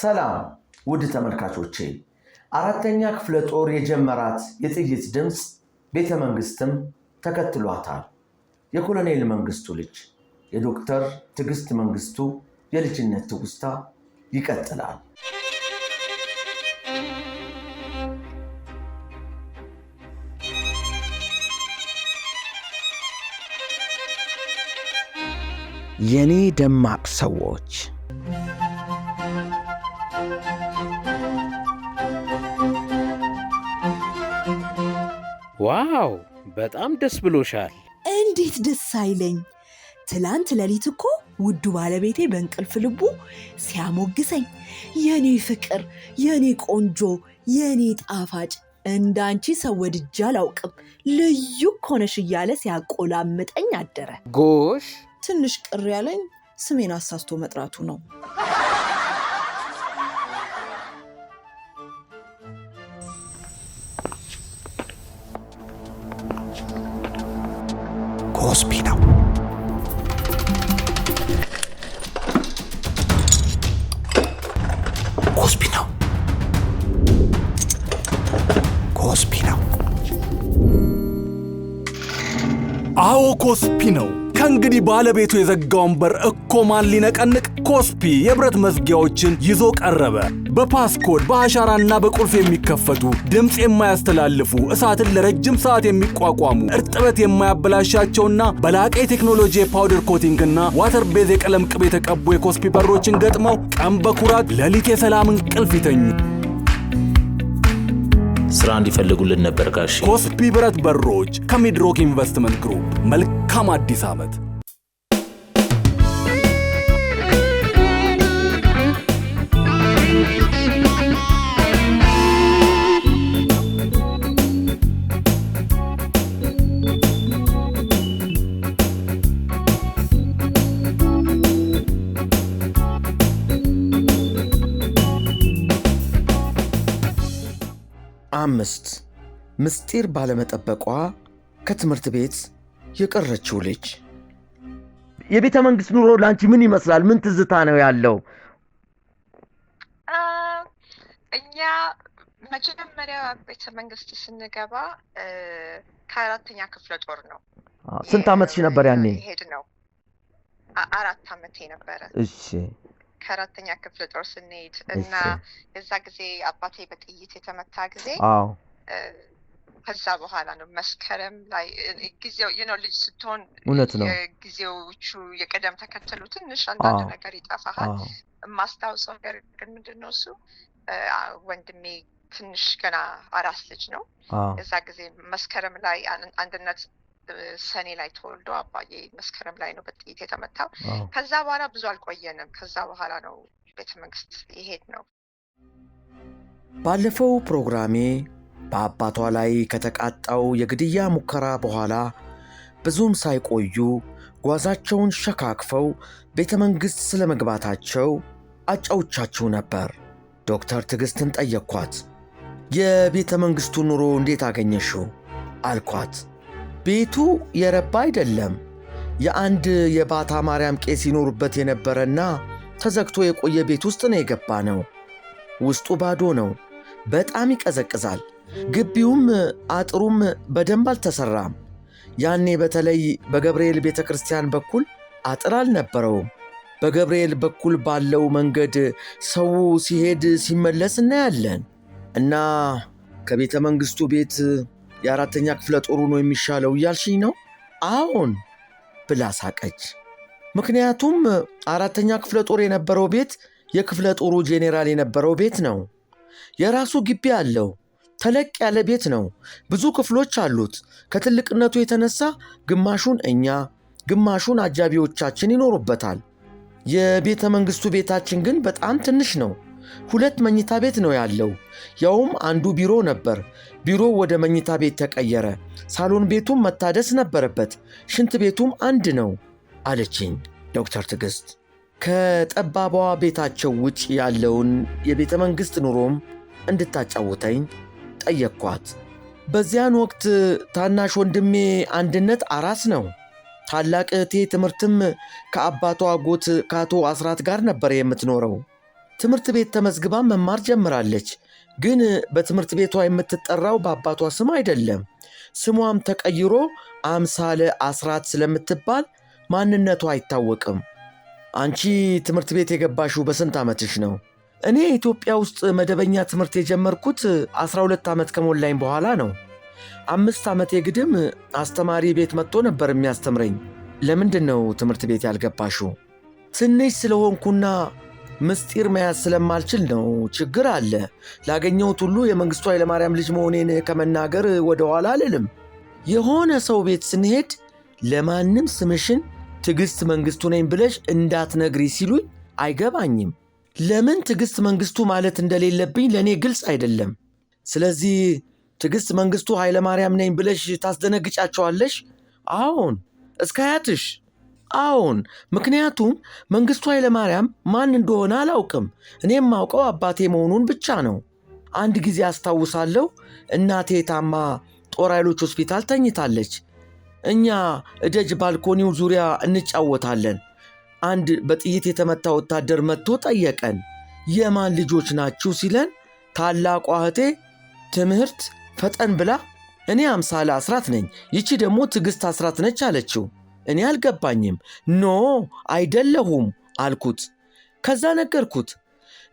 ሰላም ውድ ተመልካቾቼ፣ አራተኛ ክፍለ ጦር የጀመራት የጥይት ድምፅ ቤተ መንግስትም ተከትሏታል። የኮሎኔል መንግስቱ ልጅ የዶክተር ትዕግስት መንግስቱ የልጅነት ትውስታ ይቀጥላል። የኔ ደማቅ ሰዎች ዋው በጣም ደስ ብሎሻል። እንዴት ደስ አይለኝ! ትላንት ሌሊት እኮ ውዱ ባለቤቴ በእንቅልፍ ልቡ ሲያሞግሰኝ የኔ ፍቅር፣ የኔ ቆንጆ፣ የኔ ጣፋጭ እንዳንቺ ሰው ወድጄ አላውቅም ልዩ እኮ እያለ ሲያቆላምጠኝ አደረ። ጎሽ ትንሽ ቅር ያለኝ ስሜን አሳስቶ መጥራቱ ነው። ኦስፒ አዎ ኮስፒ ነው። ከእንግዲህ ባለቤቱ የዘጋውን በር እኮ ማን ሊነቀንቅ? ኮስፒ የብረት መዝጊያዎችን ይዞ ቀረበ። በፓስኮድ በአሻራና በቁልፍ የሚከፈቱ ድምፅ የማያስተላልፉ እሳትን ለረጅም ሰዓት የሚቋቋሙ እርጥበት የማያበላሻቸውና በላቀ የቴክኖሎጂ የፓውደር ኮቲንግና ዋተር ቤዝ የቀለም ቅብ የተቀቡ የኮስፒ በሮችን ገጥመው ቀን በኩራት ሌሊት የሰላም እንቅልፍ ይተኙ። ስራ እንዲፈልጉልን ነበር ጋሽ። ኮስፒ ብረት በሮች ከሚድሮክ ኢንቨስትመንት ግሩፕ። መልካም አዲስ ዓመት። አምስት ምስጢር ባለመጠበቋ ከትምህርት ቤት የቀረችው ልጅ የቤተ መንግስት ኑሮ ለአንቺ ምን ይመስላል? ምን ትዝታ ነው ያለው? እኛ መጀመሪያ ቤተ መንግስት ስንገባ ከአራተኛ ክፍለ ጦር ነው። ስንት አመትሽ ነበር ያኔ? ሄድ ነው አራት አመቴ ነበረ። እሺ ከአራተኛ ክፍል ጦር ስንሄድ እና የዛ ጊዜ አባቴ በጥይት የተመታ ጊዜ ከዛ በኋላ ነው መስከረም ላይ ጊዜው ነው ልጅ ስትሆን እውነት ነው ጊዜዎቹ የቀደም ተከተሉ ትንሽ አንዳንድ ነገር ይጠፋሃል የማስታውሰው ነገር ግን ምንድን ነው እሱ ወንድሜ ትንሽ ገና አራስ ልጅ ነው እዛ ጊዜ መስከረም ላይ አንድነት ሰኔ ላይ ተወልዶ አባዬ መስከረም ላይ ነው በጥይት የተመታው። ከዛ በኋላ ብዙ አልቆየንም። ከዛ በኋላ ነው ቤተ መንግስት ይሄድ ነው። ባለፈው ፕሮግራሜ በአባቷ ላይ ከተቃጣው የግድያ ሙከራ በኋላ ብዙም ሳይቆዩ ጓዛቸውን ሸካክፈው ቤተ መንግሥት ስለ መግባታቸው አጫውቻችሁ ነበር። ዶክተር ትዕግሥትን ጠየቅኳት። የቤተ መንግሥቱ ኑሮ እንዴት አገኘሽው? አልኳት። ቤቱ የረባ አይደለም። የአንድ የባታ ማርያም ቄስ ይኖሩበት የነበረና ተዘግቶ የቆየ ቤት ውስጥ ነው የገባ ነው። ውስጡ ባዶ ነው። በጣም ይቀዘቅዛል። ግቢውም አጥሩም በደንብ አልተሠራም። ያኔ በተለይ በገብርኤል ቤተ ክርስቲያን በኩል አጥር አልነበረውም። በገብርኤል በኩል ባለው መንገድ ሰው ሲሄድ ሲመለስ እናያለን እና ከቤተ መንግሥቱ ቤት የአራተኛ ክፍለ ጦሩ ነው የሚሻለው እያልሽኝ ነው? አዎን ብላ ሳቀች። ምክንያቱም አራተኛ ክፍለ ጦር የነበረው ቤት የክፍለ ጦሩ ጄኔራል የነበረው ቤት ነው። የራሱ ግቢ አለው። ተለቅ ያለ ቤት ነው። ብዙ ክፍሎች አሉት። ከትልቅነቱ የተነሳ ግማሹን እኛ፣ ግማሹን አጃቢዎቻችን ይኖሩበታል። የቤተ መንግሥቱ ቤታችን ግን በጣም ትንሽ ነው። ሁለት መኝታ ቤት ነው ያለው። ያውም አንዱ ቢሮ ነበር፣ ቢሮ ወደ መኝታ ቤት ተቀየረ። ሳሎን ቤቱም መታደስ ነበረበት። ሽንት ቤቱም አንድ ነው አለችኝ ዶክተር ትዕግስት። ከጠባቧ ቤታቸው ውጭ ያለውን የቤተ መንግሥት ኑሮም እንድታጫውተኝ ጠየቅኳት። በዚያን ወቅት ታናሽ ወንድሜ አንድነት አራስ ነው። ታላቅ እህቴ ትምህርትም ከአባቷ አጎት ከአቶ አስራት ጋር ነበር የምትኖረው። ትምህርት ቤት ተመዝግባ መማር ጀምራለች። ግን በትምህርት ቤቷ የምትጠራው በአባቷ ስም አይደለም። ስሟም ተቀይሮ አምሳለ አስራት ስለምትባል ማንነቷ አይታወቅም። አንቺ ትምህርት ቤት የገባሽው በስንት ዓመትሽ ነው? እኔ ኢትዮጵያ ውስጥ መደበኛ ትምህርት የጀመርኩት 12 ዓመት ከሞላኝ በኋላ ነው። አምስት ዓመቴ ግድም አስተማሪ ቤት መጥቶ ነበር የሚያስተምረኝ። ለምንድን ነው ትምህርት ቤት ያልገባሽው? ትንሽ ስለሆንኩና ምስጢር መያዝ ስለማልችል ነው። ችግር አለ። ላገኘሁት ሁሉ የመንግሥቱ ኃይለማርያም ልጅ መሆኔን ከመናገር ወደኋላ አልልም። የሆነ ሰው ቤት ስንሄድ ለማንም ስምሽን ትዕግሥት መንግሥቱ ነኝ ብለሽ እንዳትነግሪ ሲሉኝ አይገባኝም። ለምን ትዕግሥት መንግሥቱ ማለት እንደሌለብኝ ለእኔ ግልጽ አይደለም። ስለዚህ ትዕግሥት መንግሥቱ ኃይለማርያም ነኝ ብለሽ ታስደነግጫቸዋለሽ? አዎን፣ እስከ አያትሽ አዎን፣ ምክንያቱም መንግሥቱ ኃይለማርያም ማን እንደሆነ አላውቅም። እኔ የማውቀው አባቴ መሆኑን ብቻ ነው። አንድ ጊዜ አስታውሳለሁ፣ እናቴ ታማ ጦር ኃይሎች ሆስፒታል ተኝታለች። እኛ እደጅ ባልኮኒው ዙሪያ እንጫወታለን። አንድ በጥይት የተመታ ወታደር መጥቶ ጠየቀን። የማን ልጆች ናችሁ ሲለን ታላቋ እህቴ ትምህርት ፈጠን ብላ እኔ አምሳለ አስራት ነኝ፣ ይቺ ደግሞ ትዕግሥት አስራት ነች አለችው። እኔ አልገባኝም። ኖ አይደለሁም አልኩት። ከዛ ነገርኩት።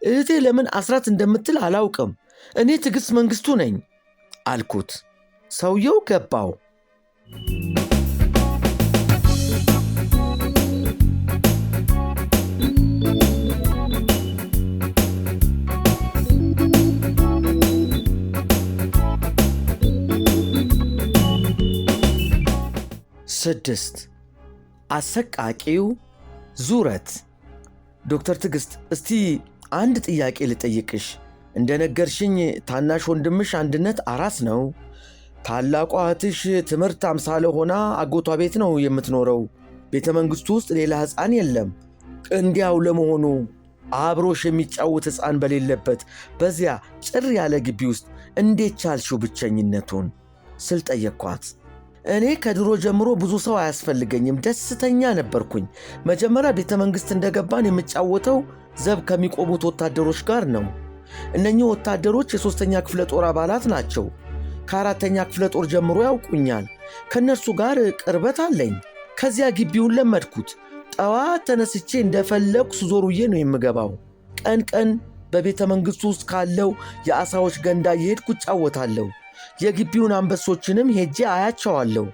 እህቴ ለምን አስራት እንደምትል አላውቅም። እኔ ትዕግሥት መንግሥቱ ነኝ አልኩት። ሰውየው ገባው። ስድስት አሰቃቂው ዙረት። ዶክተር ትዕግስት እስቲ አንድ ጥያቄ ልጠይቅሽ። እንደነገርሽኝ ታናሽ ወንድምሽ አንድነት አራስ ነው። ታላቋ እህትሽ ትምህርት አምሳለ ሆና አጎቷ ቤት ነው የምትኖረው። ቤተ መንግሥቱ ውስጥ ሌላ ሕፃን የለም። እንዲያው ለመሆኑ አብሮሽ የሚጫወት ሕፃን በሌለበት በዚያ ጭር ያለ ግቢ ውስጥ እንዴት ቻልሽው ብቸኝነቱን ስል ጠየቅኳት። እኔ ከድሮ ጀምሮ ብዙ ሰው አያስፈልገኝም፣ ደስተኛ ነበርኩኝ። መጀመሪያ ቤተ መንግሥት እንደገባን የምጫወተው ዘብ ከሚቆሙት ወታደሮች ጋር ነው። እነኚህ ወታደሮች የሦስተኛ ክፍለ ጦር አባላት ናቸው። ከአራተኛ ክፍለ ጦር ጀምሮ ያውቁኛል። ከእነርሱ ጋር ቅርበት አለኝ። ከዚያ ግቢውን ለመድኩት። ጠዋት ተነስቼ እንደፈለግ ስዞሩዬ ነው የምገባው። ቀን ቀን በቤተ መንግሥቱ ውስጥ ካለው የአሳዎች ገንዳ እየሄድኩ እጫወታለሁ። የግቢውን አንበሶችንም ሄጄ አያቸዋለሁ።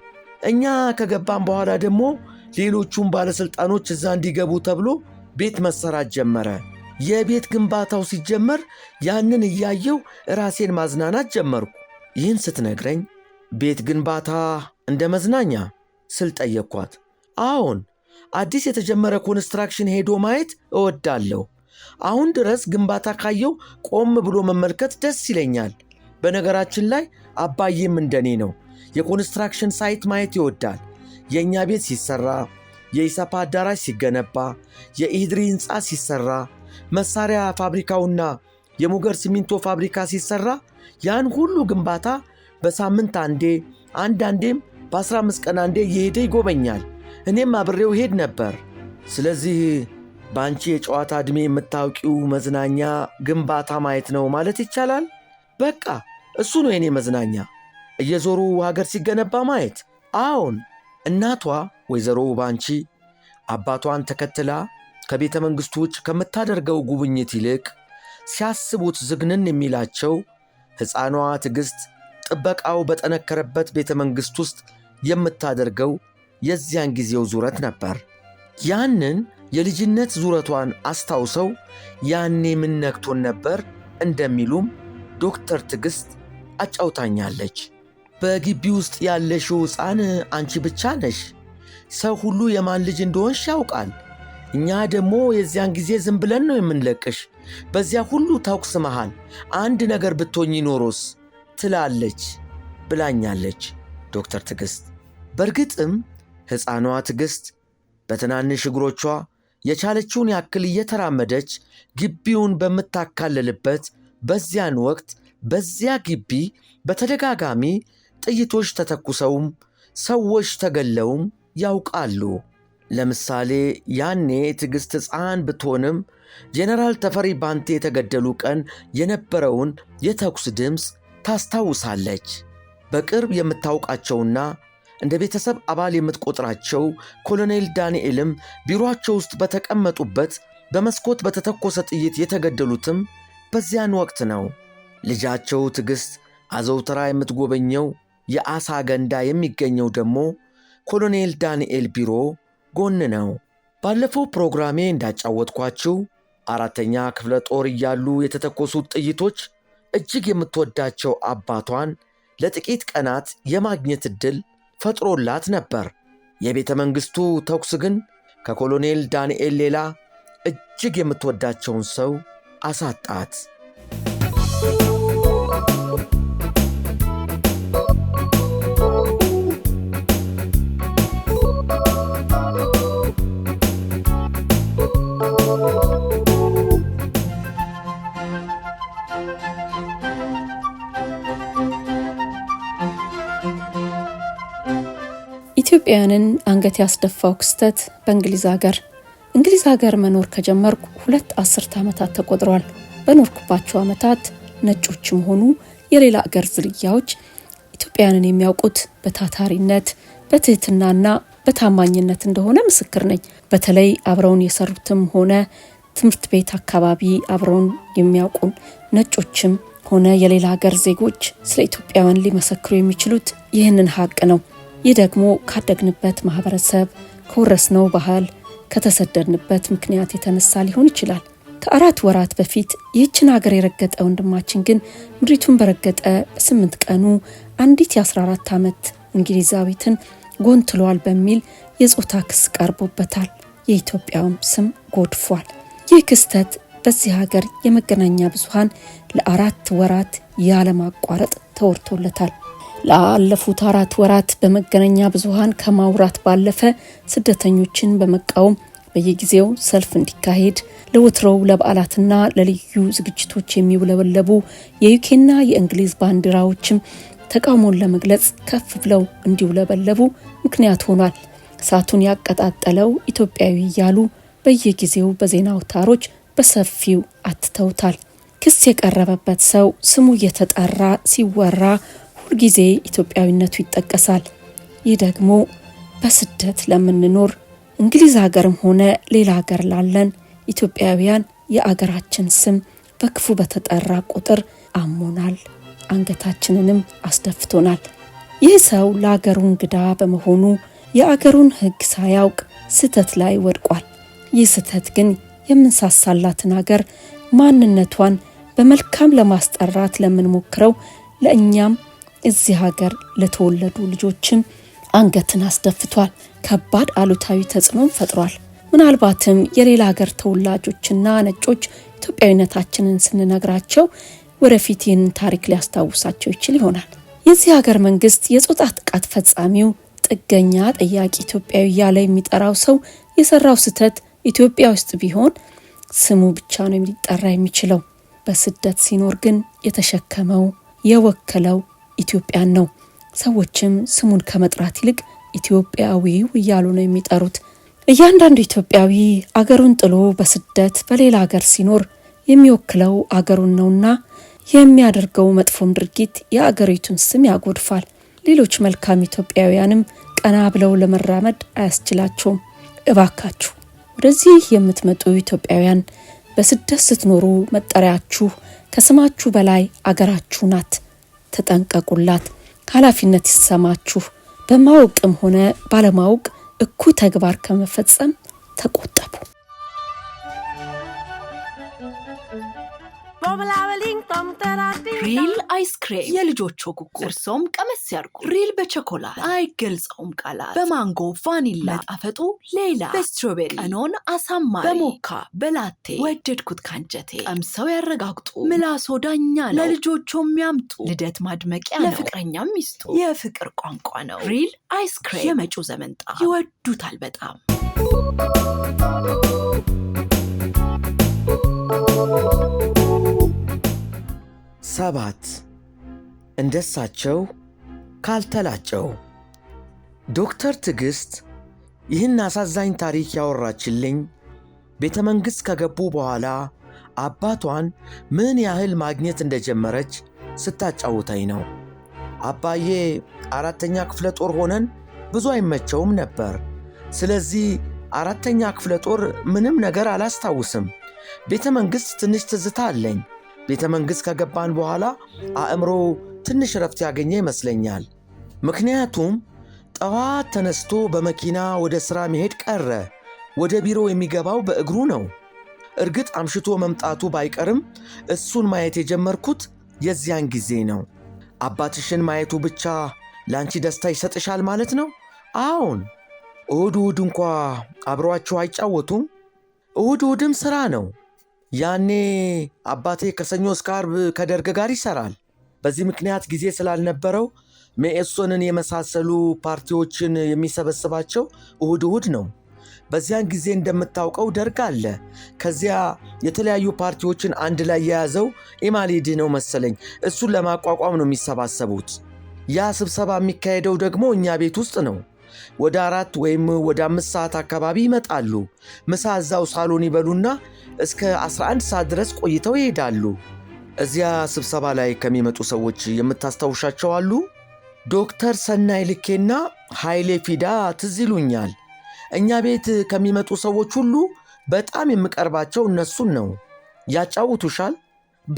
እኛ ከገባን በኋላ ደግሞ ሌሎቹን ባለሥልጣኖች እዛ እንዲገቡ ተብሎ ቤት መሰራት ጀመረ። የቤት ግንባታው ሲጀመር ያንን እያየው ራሴን ማዝናናት ጀመርኩ። ይህን ስትነግረኝ ቤት ግንባታ እንደ መዝናኛ ስል ጠየቅኳት። አዎን፣ አዲስ የተጀመረ ኮንስትራክሽን ሄዶ ማየት እወዳለሁ። አሁን ድረስ ግንባታ ካየው ቆም ብሎ መመልከት ደስ ይለኛል። በነገራችን ላይ አባዬም እንደኔ ነው። የኮንስትራክሽን ሳይት ማየት ይወዳል። የእኛ ቤት ሲሰራ፣ የኢሰፓ አዳራሽ ሲገነባ፣ የኢድሪ ሕንፃ ሲሰራ፣ መሳሪያ ፋብሪካውና የሙገር ሲሚንቶ ፋብሪካ ሲሰራ ያን ሁሉ ግንባታ በሳምንት አንዴ አንዳንዴም በ15 ቀን አንዴ እየሄደ ይጎበኛል። እኔም አብሬው ሄድ ነበር። ስለዚህ በአንቺ የጨዋታ ዕድሜ የምታውቂው መዝናኛ ግንባታ ማየት ነው ማለት ይቻላል። በቃ እሱ ነው የኔ መዝናኛ። እየዞሩ ሀገር ሲገነባ ማየት። አዎን፣ እናቷ ወይዘሮ ውባንቺ አባቷን ተከትላ ከቤተ መንግሥቱ ውጭ ከምታደርገው ጉብኝት ይልቅ ሲያስቡት ዝግንን የሚላቸው ሕፃኗ ትዕግሥት ጥበቃው በጠነከረበት ቤተ መንግሥት ውስጥ የምታደርገው የዚያን ጊዜው ዙረት ነበር። ያንን የልጅነት ዙረቷን አስታውሰው ያኔ ምን ነክቶን ነበር እንደሚሉም ዶክተር ትዕግሥት አጫውታኛለች። በግቢ ውስጥ ያለሽው ሕፃን አንቺ ብቻ ነሽ። ሰው ሁሉ የማን ልጅ እንደሆንሽ ያውቃል። እኛ ደግሞ የዚያን ጊዜ ዝም ብለን ነው የምንለቅሽ። በዚያ ሁሉ ታውቅስ መሃል አንድ ነገር ብትሆኝ ኖሮስ ትላለች ብላኛለች ዶክተር ትግስት በእርግጥም ሕፃኗ ትግስት በትናንሽ እግሮቿ የቻለችውን ያክል እየተራመደች ግቢውን በምታካልልበት በዚያን ወቅት በዚያ ግቢ በተደጋጋሚ ጥይቶች ተተኩሰውም ሰዎች ተገለውም ያውቃሉ። ለምሳሌ ያኔ ትዕግሥት ሕፃን ብትሆንም ጄኔራል ተፈሪ ባንቴ የተገደሉ ቀን የነበረውን የተኩስ ድምፅ ታስታውሳለች። በቅርብ የምታውቃቸውና እንደ ቤተሰብ አባል የምትቆጥራቸው ኮሎኔል ዳንኤልም ቢሮአቸው ውስጥ በተቀመጡበት በመስኮት በተተኮሰ ጥይት የተገደሉትም በዚያን ወቅት ነው። ልጃቸው ትዕግሥት አዘውትራ የምትጎበኘው የአሳ ገንዳ የሚገኘው ደግሞ ኮሎኔል ዳንኤል ቢሮ ጎን ነው። ባለፈው ፕሮግራሜ እንዳጫወትኳችሁ አራተኛ ክፍለ ጦር እያሉ የተተኮሱት ጥይቶች እጅግ የምትወዳቸው አባቷን ለጥቂት ቀናት የማግኘት ዕድል ፈጥሮላት ነበር። የቤተ መንግሥቱ ተኩስ ግን ከኮሎኔል ዳንኤል ሌላ እጅግ የምትወዳቸውን ሰው አሳጣት። ኢትዮጵያውያንን አንገት ያስደፋው ክስተት በእንግሊዝ ሀገር። እንግሊዝ ሀገር መኖር ከጀመርኩ ሁለት አስርተ ዓመታት ተቆጥሯል። በኖርኩባቸው ዓመታት ነጮችም ሆኑ የሌላ አገር ዝርያዎች ኢትዮጵያውያንን የሚያውቁት በታታሪነት በትህትናና በታማኝነት እንደሆነ ምስክር ነኝ። በተለይ አብረውን የሰሩትም ሆነ ትምህርት ቤት አካባቢ አብረውን የሚያውቁን ነጮችም ሆነ የሌላ ሀገር ዜጎች ስለ ኢትዮጵያውያን ሊመሰክሩ የሚችሉት ይህንን ሀቅ ነው። ይህ ደግሞ ካደግንበት ማህበረሰብ፣ ከወረስነው ባህል፣ ከተሰደድንበት ምክንያት የተነሳ ሊሆን ይችላል። ከአራት ወራት በፊት ይህችን ሀገር የረገጠ ወንድማችን ግን ምድሪቱን በረገጠ በስምንት ቀኑ አንዲት የ14 ዓመት እንግሊዛዊትን ጎንትሏል በሚል የጾታ ክስ ቀርቦበታል። የኢትዮጵያውም ስም ጎድፏል። ይህ ክስተት በዚህ ሀገር የመገናኛ ብዙሃን ለአራት ወራት ያለማቋረጥ ተወርቶለታል። ላለፉት አራት ወራት በመገናኛ ብዙሃን ከማውራት ባለፈ ስደተኞችን በመቃወም በየጊዜው ሰልፍ እንዲካሄድ ለወትሮው ለበዓላትና ለልዩ ዝግጅቶች የሚውለበለቡ የዩኬና የእንግሊዝ ባንዲራዎችም ተቃውሞን ለመግለጽ ከፍ ብለው እንዲውለበለቡ ምክንያት ሆኗል። እሳቱን ያቀጣጠለው ኢትዮጵያዊ እያሉ በየጊዜው በዜና አውታሮች በሰፊው አትተውታል። ክስ የቀረበበት ሰው ስሙ እየተጠራ ሲወራ ጊዜ ኢትዮጵያዊነቱ ይጠቀሳል። ይህ ደግሞ በስደት ለምንኖር እንግሊዝ ሀገርም ሆነ ሌላ ሀገር ላለን ኢትዮጵያውያን የአገራችን ስም በክፉ በተጠራ ቁጥር አሞናል፣ አንገታችንንም አስደፍቶናል። ይህ ሰው ለአገሩ እንግዳ በመሆኑ የአገሩን ሕግ ሳያውቅ ስህተት ላይ ወድቋል። ይህ ስህተት ግን የምንሳሳላትን አገር ማንነቷን በመልካም ለማስጠራት ለምንሞክረው ለእኛም እዚህ ሀገር ለተወለዱ ልጆችም አንገትን አስደፍቷል። ከባድ አሉታዊ ተጽዕኖም ፈጥሯል። ምናልባትም የሌላ ሀገር ተወላጆችና ነጮች ኢትዮጵያዊነታችንን ስንነግራቸው ወደፊት ይህንን ታሪክ ሊያስታውሳቸው ይችል ይሆናል። የዚህ ሀገር መንግስት የጾታ ጥቃት ፈጻሚው ጥገኛ ጠያቂ ኢትዮጵያዊ እያለ የሚጠራው ሰው የሰራው ስህተት ኢትዮጵያ ውስጥ ቢሆን ስሙ ብቻ ነው ሊጠራ የሚችለው። በስደት ሲኖር ግን የተሸከመው የወከለው ኢትዮጵያን ነው። ሰዎችም ስሙን ከመጥራት ይልቅ ኢትዮጵያዊው እያሉ ነው የሚጠሩት። እያንዳንዱ ኢትዮጵያዊ አገሩን ጥሎ በስደት በሌላ አገር ሲኖር የሚወክለው አገሩን ነውና የሚያደርገው መጥፎም ድርጊት የአገሪቱን ስም ያጎድፋል። ሌሎች መልካም ኢትዮጵያውያንም ቀና ብለው ለመራመድ አያስችላቸውም። እባካችሁ ወደዚህ የምትመጡ ኢትዮጵያውያን በስደት ስትኖሩ መጠሪያችሁ ከስማችሁ በላይ አገራችሁ ናት። ተጠንቀቁላት። ኃላፊነት ይሰማችሁ። በማወቅም ሆነ ባለማወቅ እኩይ ተግባር ከመፈጸም ተቆጠቡ። ሪል አይስክሬም የልጆቹ ጉጉ። እርሶም ቀመስ ያርጉ። ሪል በቸኮላት አይገልጸውም ቃላት። በማንጎ ቫኒላ መጣፈጡ ሌላ፣ በስትሮቤሪ ቀኖን አሳማሪ፣ በሞካ በላቴ ወደድኩት ካንጀቴ። ቀምሰው ያረጋግጡ፣ ምላሶ ዳኛ ነው። ለልጆቹ የሚያምጡ ልደት ማድመቂያ ነው። ለፍቅረኛም ይስጡ፣ የፍቅር ቋንቋ ነው። ሪል አይስክሬም የመጪው ዘመንጣ ይወዱታል በጣም። Thank you. ሰባት እንደሳቸው ካልተላጨው። ዶክተር ትዕግስት ይህን አሳዛኝ ታሪክ ያወራችልኝ ቤተ መንግሥት ከገቡ በኋላ አባቷን ምን ያህል ማግኘት እንደጀመረች ስታጫውታኝ ነው። አባዬ አራተኛ ክፍለ ጦር ሆነን ብዙ አይመቸውም ነበር። ስለዚህ አራተኛ ክፍለ ጦር ምንም ነገር አላስታውስም። ቤተ መንግሥት ትንሽ ትዝታ አለኝ። ቤተ መንግሥት ከገባን በኋላ አእምሮ ትንሽ ረፍት ያገኘ ይመስለኛል። ምክንያቱም ጠዋት ተነስቶ በመኪና ወደ ሥራ መሄድ ቀረ። ወደ ቢሮ የሚገባው በእግሩ ነው። እርግጥ አምሽቶ መምጣቱ ባይቀርም እሱን ማየት የጀመርኩት የዚያን ጊዜ ነው። አባትሽን ማየቱ ብቻ ለአንቺ ደስታ ይሰጥሻል ማለት ነው? አዎን። እሁድ እሁድ እንኳ አብሯችሁ አይጫወቱም? እሁድ እሁድም ሥራ ነው። ያኔ አባቴ ከሰኞ እስከ አርብ ከደርግ ጋር ይሰራል። በዚህ ምክንያት ጊዜ ስላልነበረው መኢሶንን የመሳሰሉ ፓርቲዎችን የሚሰበስባቸው እሁድ እሁድ ነው። በዚያን ጊዜ እንደምታውቀው ደርግ አለ። ከዚያ የተለያዩ ፓርቲዎችን አንድ ላይ የያዘው ኢማሊድ ነው መሰለኝ። እሱን ለማቋቋም ነው የሚሰባሰቡት። ያ ስብሰባ የሚካሄደው ደግሞ እኛ ቤት ውስጥ ነው። ወደ አራት ወይም ወደ አምስት ሰዓት አካባቢ ይመጣሉ። ምሳ እዛው ሳሎን ይበሉና እስከ 11 ሰዓት ድረስ ቆይተው ይሄዳሉ። እዚያ ስብሰባ ላይ ከሚመጡ ሰዎች የምታስታውሻቸው አሉ? ዶክተር ሰናይ ልኬና ኃይሌ ፊዳ ትዝ ይሉኛል። እኛ ቤት ከሚመጡ ሰዎች ሁሉ በጣም የምቀርባቸው እነሱን ነው። ያጫውቱሻል?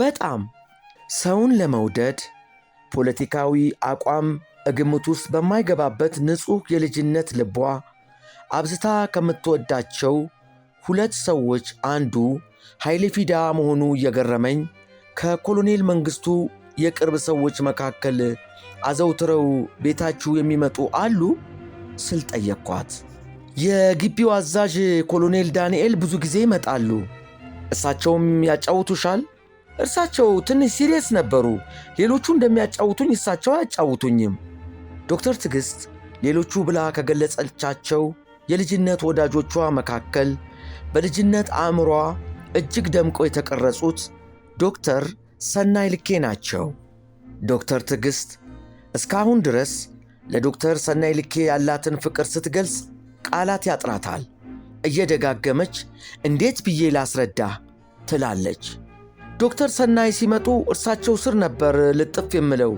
በጣም ሰውን ለመውደድ ፖለቲካዊ አቋም ግምት ውስጥ በማይገባበት ንጹሕ የልጅነት ልቧ አብዝታ ከምትወዳቸው ሁለት ሰዎች አንዱ ኃይሌ ፊዳ መሆኑ እየገረመኝ ከኮሎኔል መንግስቱ የቅርብ ሰዎች መካከል አዘውትረው ቤታችሁ የሚመጡ አሉ ስል ጠየቅኳት። የግቢው አዛዥ ኮሎኔል ዳንኤል ብዙ ጊዜ ይመጣሉ፣ እሳቸውም ያጫውቱሻል። እርሳቸው ትንሽ ሲሪየስ ነበሩ። ሌሎቹ እንደሚያጫውቱኝ እሳቸው አያጫውቱኝም። ዶክተር ትዕግስት ሌሎቹ ብላ ከገለጸቻቸው የልጅነት ወዳጆቿ መካከል በልጅነት አእምሯ እጅግ ደምቆ የተቀረጹት ዶክተር ሰናይ ልኬ ናቸው። ዶክተር ትዕግስት እስካሁን ድረስ ለዶክተር ሰናይ ልኬ ያላትን ፍቅር ስትገልጽ ቃላት ያጥራታል። እየደጋገመች እንዴት ብዬ ላስረዳህ ትላለች። ዶክተር ሰናይ ሲመጡ እርሳቸው ስር ነበር ልጥፍ የምለው።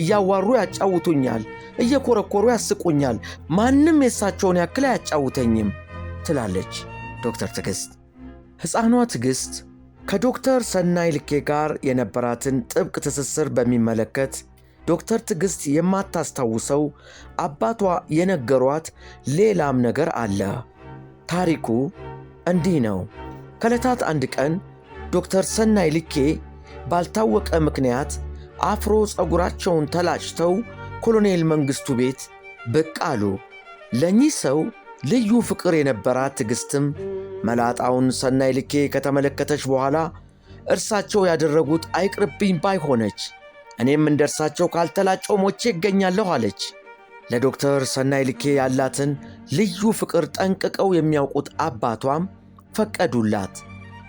እያዋሩ ያጫውቱኛል፣ እየኮረኮሩ ያስቁኛል። ማንም የእሳቸውን ያክል አያጫውተኝም ትላለች ዶክተር ትዕግስት። ሕፃኗ ትዕግስት ከዶክተር ሰናይ ልኬ ጋር የነበራትን ጥብቅ ትስስር በሚመለከት ዶክተር ትዕግስት የማታስታውሰው አባቷ የነገሯት ሌላም ነገር አለ። ታሪኩ እንዲህ ነው። ከዕለታት አንድ ቀን ዶክተር ሰናይ ልኬ ባልታወቀ ምክንያት አፍሮ ፀጉራቸውን ተላጭተው ኮሎኔል መንግሥቱ ቤት ብቅ አሉ። ለእኚህ ሰው ልዩ ፍቅር የነበራት ትዕግሥትም መላጣውን ሰናይ ልኬ ከተመለከተች በኋላ እርሳቸው ያደረጉት አይቅርብኝ ባይሆነች እኔም እንደ እርሳቸው ካልተላጨው ሞቼ ይገኛለሁ አለች። ለዶክተር ሰናይ ልኬ ያላትን ልዩ ፍቅር ጠንቅቀው የሚያውቁት አባቷም ፈቀዱላት።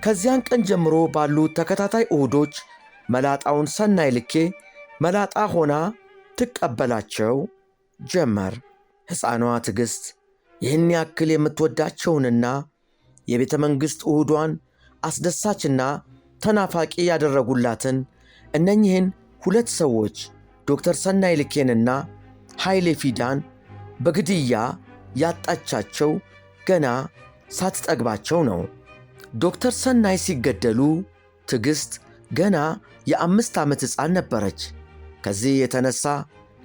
ከዚያን ቀን ጀምሮ ባሉት ተከታታይ እሁዶች መላጣውን ሰናይ ልኬ መላጣ ሆና ትቀበላቸው ጀመር። ሕፃኗ ትዕግሥት ይህን ያክል የምትወዳቸውንና የቤተ መንግሥት እሁዷን አስደሳችና ተናፋቂ ያደረጉላትን እነኚህን ሁለት ሰዎች ዶክተር ሰናይ ልኬንና ኃይሌ ፊዳን በግድያ ያጣቻቸው ገና ሳትጠግባቸው ነው። ዶክተር ሰናይ ሲገደሉ ትዕግሥት ገና የአምስት ዓመት ሕፃን ነበረች። ከዚህ የተነሣ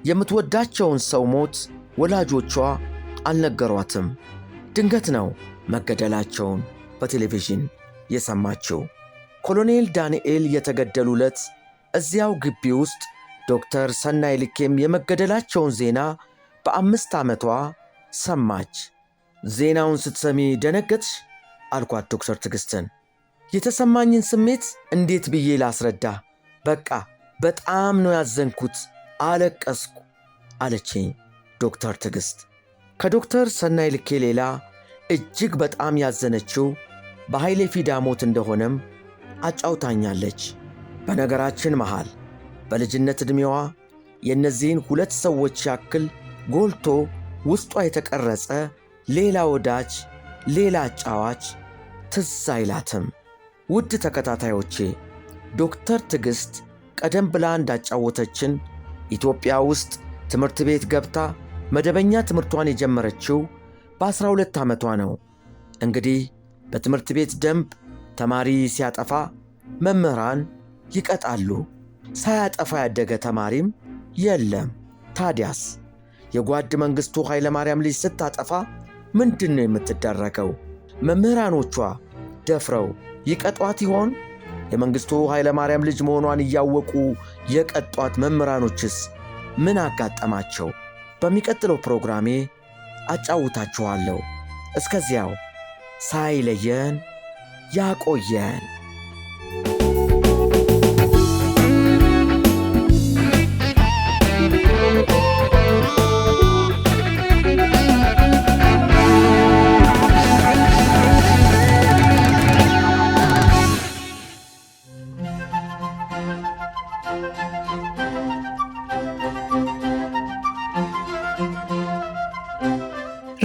የምትወዳቸውን ሰው ሞት ወላጆቿ አልነገሯትም። ድንገት ነው መገደላቸውን በቴሌቪዥን የሰማችው። ኮሎኔል ዳንኤል የተገደሉ ዕለት እዚያው ግቢ ውስጥ ዶክተር ሰናይ ልኬም የመገደላቸውን ዜና በአምስት ዓመቷ ሰማች። ዜናውን ስትሰሚ ደነገጥሽ? አልኳት ዶክተር ትግስትን የተሰማኝን ስሜት እንዴት ብዬ ላስረዳ? በቃ በጣም ነው ያዘንኩት፣ አለቀስኩ አለችኝ ዶክተር ትግስት ከዶክተር ሰናይ ልኬ ሌላ እጅግ በጣም ያዘነችው በኃይሌ ፊዳሞት እንደሆነም አጫውታኛለች። በነገራችን መሃል በልጅነት ዕድሜዋ የእነዚህን ሁለት ሰዎች ያክል ጎልቶ ውስጧ የተቀረጸ ሌላ ወዳጅ፣ ሌላ አጫዋች ትዝ አይላትም። ውድ ተከታታዮቼ ዶክተር ትዕግሥት ቀደም ብላ እንዳጫወተችን ኢትዮጵያ ውስጥ ትምህርት ቤት ገብታ መደበኛ ትምህርቷን የጀመረችው በ12 ዓመቷ ነው። እንግዲህ በትምህርት ቤት ደንብ ተማሪ ሲያጠፋ መምህራን ይቀጣሉ። ሳያጠፋ ያደገ ተማሪም የለም። ታዲያስ የጓድ መንግሥቱ ኃይለማርያም ልጅ ስታጠፋ ምንድን ነው የምትደረገው? መምህራኖቿ ደፍረው ይቀጧት ይሆን? የመንግሥቱ ኃይለማርያም ልጅ መሆኗን እያወቁ የቀጧት መምህራኖችስ ምን አጋጠማቸው? በሚቀጥለው ፕሮግራሜ አጫውታችኋለሁ። እስከዚያው ሳይለየን ያቆየን።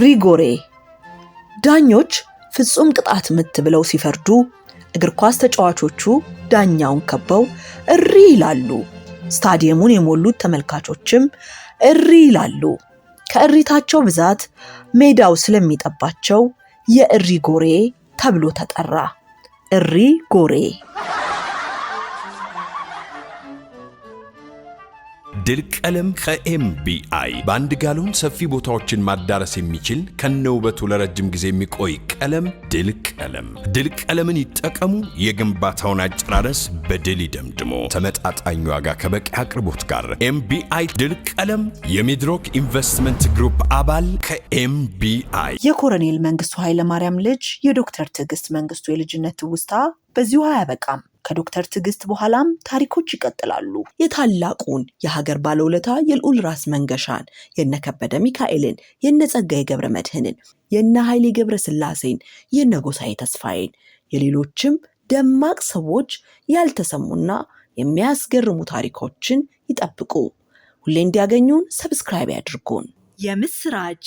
ሪጎሬ ዳኞች ፍጹም ቅጣት ምት ብለው ሲፈርዱ እግር ኳስ ተጫዋቾቹ ዳኛውን ከበው እሪ ይላሉ። ስታዲየሙን የሞሉት ተመልካቾችም እሪ ይላሉ። ከእሪታቸው ብዛት ሜዳው ስለሚጠባቸው የእሪ ጎሬ ተብሎ ተጠራ። እሪ ጎሬ ድል ቀለም ከኤምቢአይ በአንድ ጋሎን ሰፊ ቦታዎችን ማዳረስ የሚችል ከነውበቱ ለረጅም ጊዜ የሚቆይ ቀለም ድል ቀለም። ድል ቀለምን ይጠቀሙ። የግንባታውን አጨራረስ በድል ይደምድሞ። ተመጣጣኝ ዋጋ ከበቂ አቅርቦት ጋር ኤምቢአይ ድል ቀለም የሚድሮክ ኢንቨስትመንት ግሩፕ አባል ከኤምቢአይ የኮሎኔል መንግስቱ ኃይለማርያም ልጅ የዶክተር ትዕግስት መንግስቱ የልጅነት ትውስታ በዚሁ አያበቃም። ከዶክተር ትዕግስት በኋላም ታሪኮች ይቀጥላሉ። የታላቁን የሀገር ባለውለታ የልዑል ራስ መንገሻን፣ የነከበደ ሚካኤልን፣ የነ ጸጋዬ ገብረ መድህንን፣ የነ ኃይሌ ገብረ ስላሴን፣ የነ ጎሳዬ ተስፋዬን፣ የሌሎችም ደማቅ ሰዎች ያልተሰሙና የሚያስገርሙ ታሪኮችን ይጠብቁ። ሁሌ እንዲያገኙን ሰብስክራይብ ያድርጉን። የምስራች